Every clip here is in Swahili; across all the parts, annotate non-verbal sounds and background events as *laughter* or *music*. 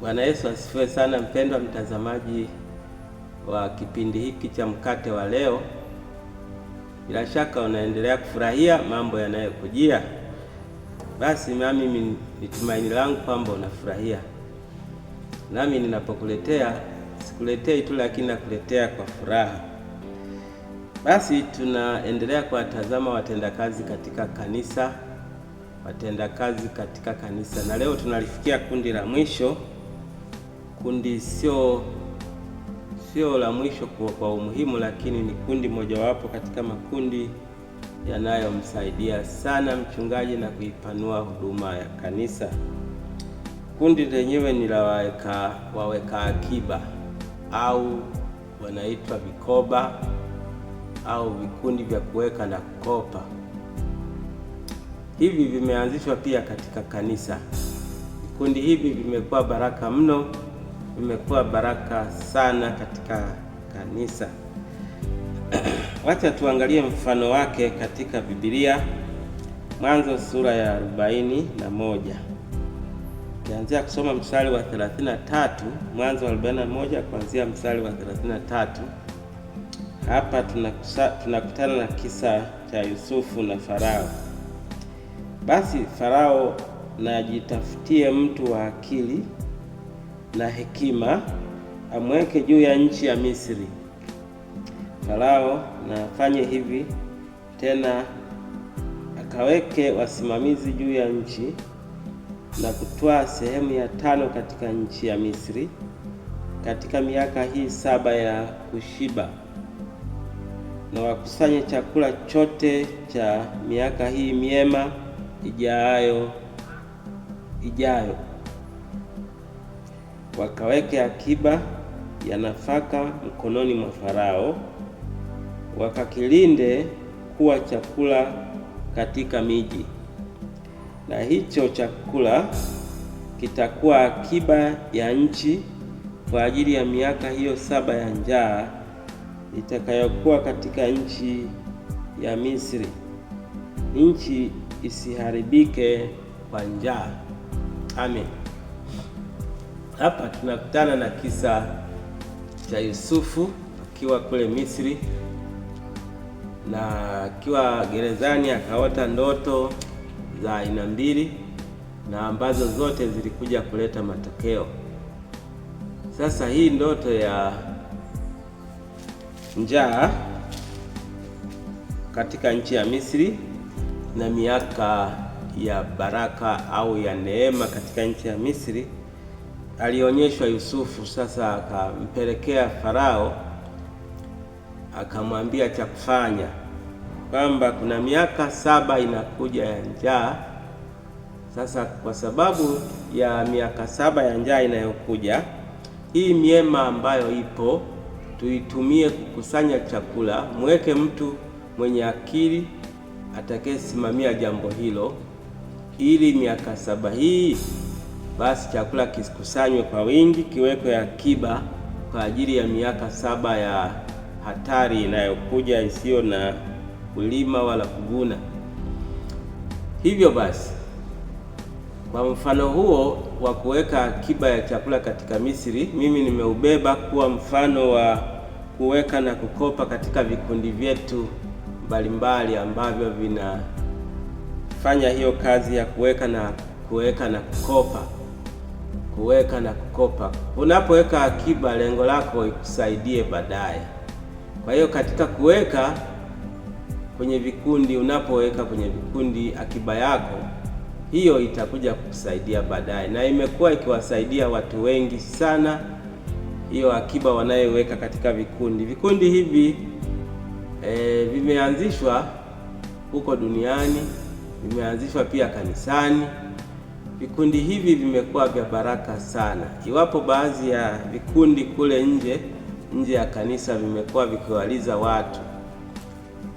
Bwana Yesu asifiwe sana, mpendwa mtazamaji wa kipindi hiki cha mkate wa leo. Bila shaka unaendelea kufurahia mambo yanayokujia. Basi nami ni tumaini langu kwamba unafurahia, nami ninapokuletea sikuletei tu, lakini nakuletea kwa furaha. Basi tunaendelea kuwatazama watendakazi katika kanisa, watendakazi katika kanisa, na leo tunalifikia kundi la mwisho kundi sio sio la mwisho kwa, kwa umuhimu, lakini ni kundi mojawapo katika makundi yanayomsaidia sana mchungaji na kuipanua huduma ya kanisa. Kundi lenyewe ni la waweka, waweka akiba au wanaitwa vikoba au vikundi vya kuweka na kukopa. Hivi vimeanzishwa pia katika kanisa. Vikundi hivi vimekuwa baraka mno mmekuwa baraka sana katika kanisa. *clears throat* Wacha tuangalie mfano wake katika Biblia, Mwanzo sura ya arobaini na moja ukianzia kusoma mstari wa 33. Mwanzo wa 41 kuanzia mstari wa 33. Hapa tunakutana na kisa cha Yusufu na Farao. Basi Farao na mtu wa akili na hekima, amweke juu ya nchi ya Misri Farao, na afanye hivi tena, akaweke wasimamizi juu ya nchi na kutoa sehemu ya tano katika nchi ya Misri katika miaka hii saba ya kushiba, na wakusanye chakula chote cha miaka hii miema ijayo ijayo wakaweke akiba ya nafaka mkononi mwa Farao, wakakilinde kuwa chakula katika miji, na hicho chakula kitakuwa akiba ya nchi kwa ajili ya miaka hiyo saba ya njaa itakayokuwa katika nchi ya Misri, nchi isiharibike kwa njaa. Amen. Hapa tunakutana na kisa cha Yusufu akiwa kule Misri na akiwa gerezani akaota ndoto za aina mbili na ambazo zote zilikuja kuleta matokeo. Sasa hii ndoto ya njaa katika nchi ya Misri na miaka ya baraka au ya neema katika nchi ya Misri alionyeshwa Yusufu, sasa akampelekea Farao, akamwambia cha kufanya, kwamba kuna miaka saba inakuja ya njaa. Sasa kwa sababu ya miaka saba ya njaa inayokuja, hii miema ambayo ipo tuitumie kukusanya chakula, mweke mtu mwenye akili atakayesimamia jambo hilo, ili miaka saba hii basi chakula kikusanywe kwa wingi, kiwekwe akiba kwa ajili ya miaka saba ya hatari inayokuja isiyo na kulima wala kuvuna. Hivyo basi, kwa mfano huo wa kuweka akiba ya chakula katika Misri, mimi nimeubeba kuwa mfano wa kuweka na kukopa katika vikundi vyetu mbalimbali ambavyo vinafanya hiyo kazi ya kuweka na kuweka na kukopa kuweka na kukopa. Unapoweka akiba, lengo lako ikusaidie baadaye. Kwa hiyo katika kuweka kwenye vikundi, unapoweka kwenye vikundi akiba yako hiyo itakuja kukusaidia baadaye, na imekuwa ikiwasaidia watu wengi sana, hiyo akiba wanayoweka katika vikundi. Vikundi hivi e, vimeanzishwa huko duniani, vimeanzishwa pia kanisani. Vikundi hivi vimekuwa vya baraka sana. Iwapo baadhi ya vikundi kule nje nje ya kanisa vimekuwa vikiwaliza watu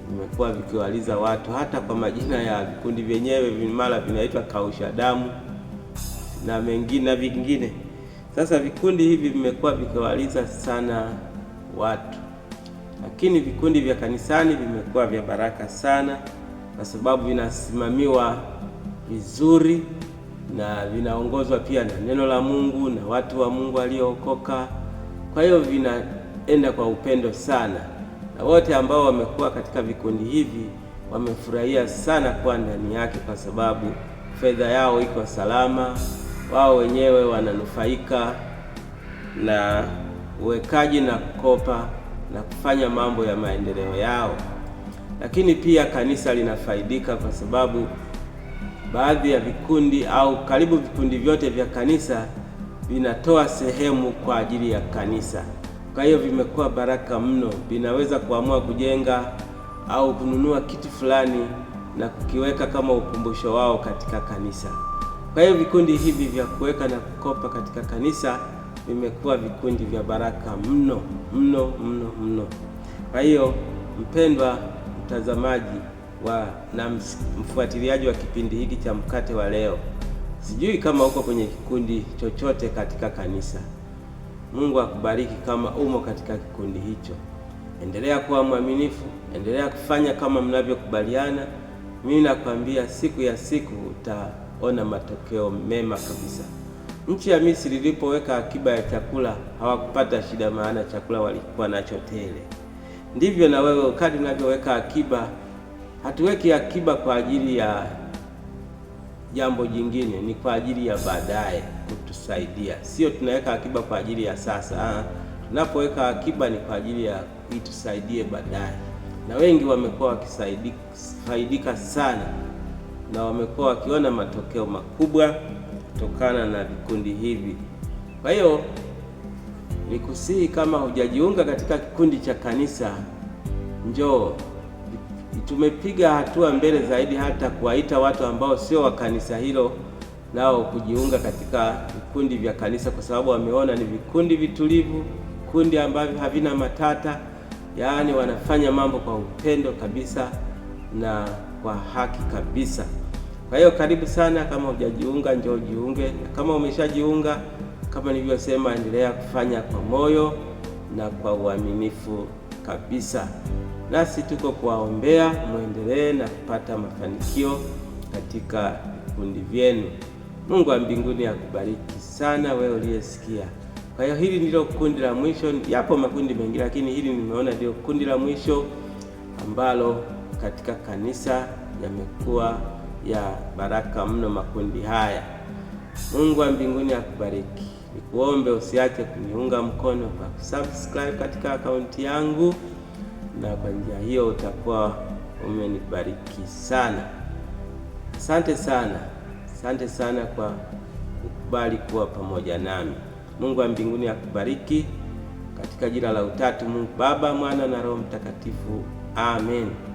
vimekuwa vikiwaliza watu hata kwa majina ya vikundi vyenyewe, mara vinaitwa kausha damu na mengine na vingine. Sasa vikundi hivi vimekuwa vikiwaliza sana watu, lakini vikundi vya kanisani vimekuwa vya baraka sana, kwa sababu vinasimamiwa vizuri na vinaongozwa pia na neno la Mungu na watu wa Mungu waliookoka. Kwa hiyo vinaenda kwa upendo sana, na wote ambao wamekuwa katika vikundi hivi wamefurahia sana kuwa ndani yake, kwa sababu fedha yao iko salama, wao wenyewe wananufaika na uwekaji na kukopa na kufanya mambo ya maendeleo yao, lakini pia kanisa linafaidika kwa sababu baadhi ya vikundi au karibu vikundi vyote vya kanisa vinatoa sehemu kwa ajili ya kanisa. Kwa hiyo vimekuwa baraka mno, vinaweza kuamua kujenga au kununua kitu fulani na kukiweka kama ukumbusho wao katika kanisa. Kwa hiyo vikundi hivi vya kuweka na kukopa katika kanisa vimekuwa vikundi vya baraka mno mno mno mno. Kwa hiyo mpendwa mtazamaji wa na mfuatiliaji wa kipindi hiki cha mkate wa leo. Sijui kama uko kwenye kikundi chochote katika kanisa. Mungu akubariki kama umo katika kikundi hicho. Endelea kuwa mwaminifu, endelea kufanya kama mnavyokubaliana. Mimi nakwambia siku ya siku utaona matokeo mema kabisa. Nchi ya Misri ilipoweka akiba ya chakula hawakupata shida, maana chakula walikuwa nacho tele. Ndivyo na wewe, kadri unavyoweka akiba hatuweki akiba kwa ajili ya jambo jingine, ni kwa ajili ya baadaye kutusaidia, sio tunaweka akiba kwa ajili ya sasa. Ah, tunapoweka akiba ni kwa ajili ya itusaidie baadaye, na wengi wamekuwa wakifaidika sana na wamekuwa wakiona matokeo makubwa kutokana na vikundi hivi. Kwa hiyo nikusihi, kama hujajiunga katika kikundi cha kanisa, njoo tumepiga hatua mbele zaidi, hata kuwaita watu ambao sio wa kanisa hilo nao kujiunga katika vikundi vya kanisa, kwa sababu wameona ni vikundi vitulivu, kundi ambavyo havina matata, yaani wanafanya mambo kwa upendo kabisa na kwa haki kabisa. Kwa hiyo karibu sana, kama hujajiunga njoo jiunge, na kama umeshajiunga, kama nilivyosema, endelea kufanya kwa moyo na kwa uaminifu kabisa nasi tuko kuwaombea muendelee na kupata mafanikio katika vikundi vyenu. Mungu wa mbinguni akubariki sana wewe uliyesikia. Kwa hiyo hili ndilo kundi la mwisho, yapo makundi mengine, lakini hili nimeona ndio kundi la mwisho ambalo katika kanisa yamekuwa ya baraka mno makundi haya. Mungu wa mbinguni akubariki. Nikuombe usiache kuniunga mkono kwa kusubscribe katika akaunti yangu na kwa njia hiyo utakuwa umenibariki sana. Asante sana, asante sana kwa kukubali kuwa pamoja nami. Mungu wa mbinguni akubariki katika jina la utatu Mungu Baba, Mwana na Roho Mtakatifu. Amen.